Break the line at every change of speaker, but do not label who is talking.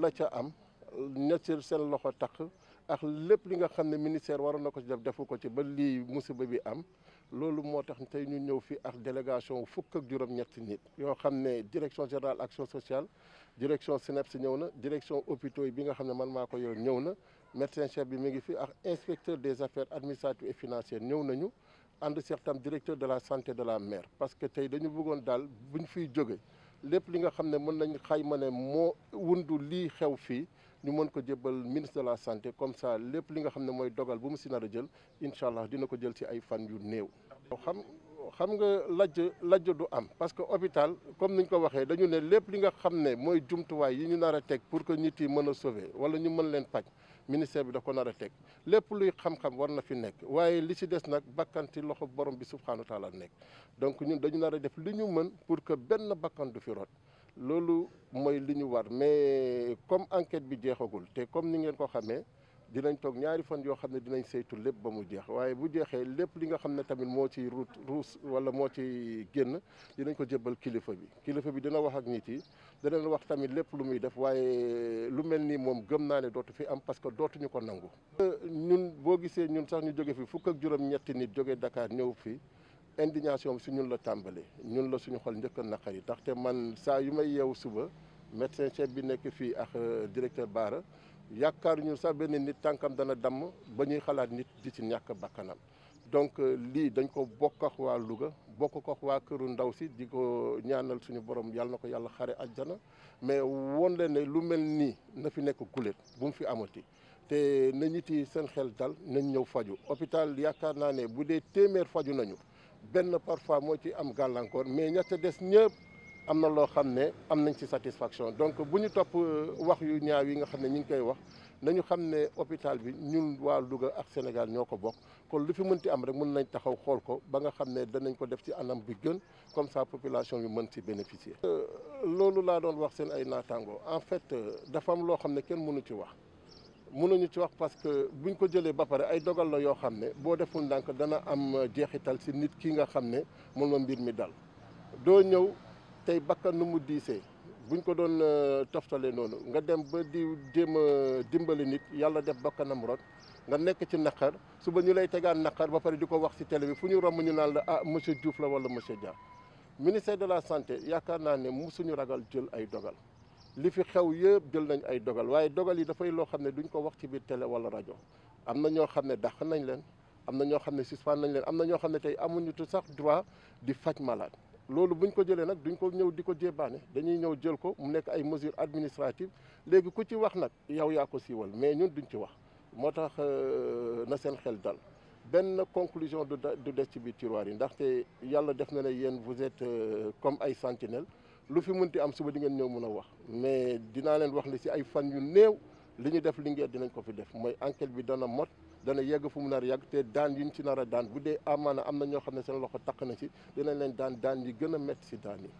la ca am ñetti seen loxo takk ak lépp li nga xam ne ministère waroon na ko ci def defu ko ci ba lii musiba bi am loolu moo tax tey ñu ñëw fii ak délégation fukk ak juróom-ñetti nit yoo xam ne direction générale action sociale direction si ñëw na direction hôpitaux bi nga xam ne man maa ko yow ñëw na médecin chef bi mi ngi fi ak inspecteur des affaires administratives et financières ñëw nañu ànd seex tam directeur de la santé de la maire parce que tey dañu bëggoon daal buñ fiy jóge lépp li nga xam ne mën nañ xayma ne moo wundu lii xew fii ñu mën ko jébbal ministre de la santé comme ça lépp li nga xam ne mooy dogal bu mu si nar a jël incha allah dina ko jël ci ay fan yu néew. xam xam nga lajj lajj du am parce que hôpital comme niñ ko waxee dañu ne lépp li nga xam ne mooy jumtuwaay yi ñu nar a teg pour que nit yi mën a sauver wala ñu mën leen paj ministère bi da ko nar a teg lépp luy xam-xam war na fi nekk waaye li si des nag bakkanti loxo borom bi subhaanahu wa taala nekk donc ñun dañu nar a def li ñu mën pour que benn bakkan du fi rot loolu mooy li ñu war mais comme enquête bi jeexagul te comme ni ngeen ko xamee dinañ toog ñaari fan yoo xam ne dinañ saytu lépp ba mu jeex waaye bu jeexee lépp li nga xam ne tamit moo ci ruut ruus wala moo ci génn dinañ ko jébbal kilifa bi kilifa bi dina wax ak nit yi dinañ wax tamit lépp lu muy def waaye lu mel nii moom gëm naa ne dootu fi am parce que dootuñu ko nangu. ñun boo gisee ñun sax ñu jóge fi fukk ak juróom-ñetti nit jóge Dakar ñëw fi indignation bi si ñun la tàmbale ñun la suñu xol njëkk a naqari ndaxte man saa yu may yeewu suba médecin chef bi nekk fii ak euh, directeur Baara. yaakaar ñu sax benn nit tànkam dana damm ba ñuy xalaat nit di ci ñàkk bakkanam donc euh, lii dañ ko bokk ak waa Louga bokk ko ak waa këru ndaw si di ko ñaanal suñu borom yàlla na ko yàlla xare àjjana mais woon leen ne lu mel nii na fi nekk guléet bu mu fi amati te na ñit yi seen xel dal nañ ñëw faju hôpital yaakaar naa ne bu dee téeméer faju nañu benn parfois moo ci am gàllankoor mais ñett des ñëpp am na loo xam ne am nañ ci satisfaction donc bu ñu topp euh, wax yu ñaaw yi nga xam ne ñu ngi koy wax nañu xam ne hôpital bi ñun waa Louga ak Sénégal ñoo ko bokk kon lu fi mën mënti am rek mën nañ taxaw xool ko ba nga xam ne danañ ko def ci anam bi gën comme ça population bi mën ci bénéficier. Euh, loolu laa doon wax seen ay naataangoo en fait euh, dafa am loo xam ne kenn mënu ci wax mënuñu ci wax parce que buñ ko jëlee ba pare ay dogal la yoo xam ne boo deful ndànk dana am jeexital si nit ki nga xam ne moom mbir mi dal tey bakkan nu mu diisee bu ñu ko doon euh, toftale noonu nga dem ba di jéem a dimbali nit yàlla def bakkanam rot nga nekk ci naqar suba ñu lay tegaan naqar ba pare di ko wax ci tele bi fu ñu romb ñu naan la ah monsieur Diouf la wala monsieur Dia ministère de la santé yaakaar naa ne mu suñu ragal jël ay dogal li fi xew yëpp jël nañ ay dogal waaye dogal yi dafay loo xam ne duñ ko wax ci biir télé wala rajo am na ñoo xam ne dàq nañ leen am na ñoo xam ne suspend nañ leen am na ñoo xam ne tey amuñu tu sax droit di faj malade loolu bu ñu ko jëlee nag duñ ko ñëw di ko jébaane dañuy ñëw jël ko mu nekk ay mesures administratives léegi ku ci wax nag yow yaa ko siiwal mais ñun duñ ci wax moo tax euh, na seen xel dal benn conclusion du des ci biir tiroir yi ndaxte yàlla def na ne yéen vous êtes euh, comme ay sentinelle lu fi mun munti am suba di ngeen ñëw mun a wax mais dinaa leen wax ne si ay fan yu néew li ñu def li ngeen dinañ ko fi def mooy enquête bi dana mot dana yegg fu mu nar yàgg te daan yi ñu ci nar a daan bu dee amaana am na ñoo xam ne seen loxo takk na ci dinañ leen daan daan yi gën a métti si daan yi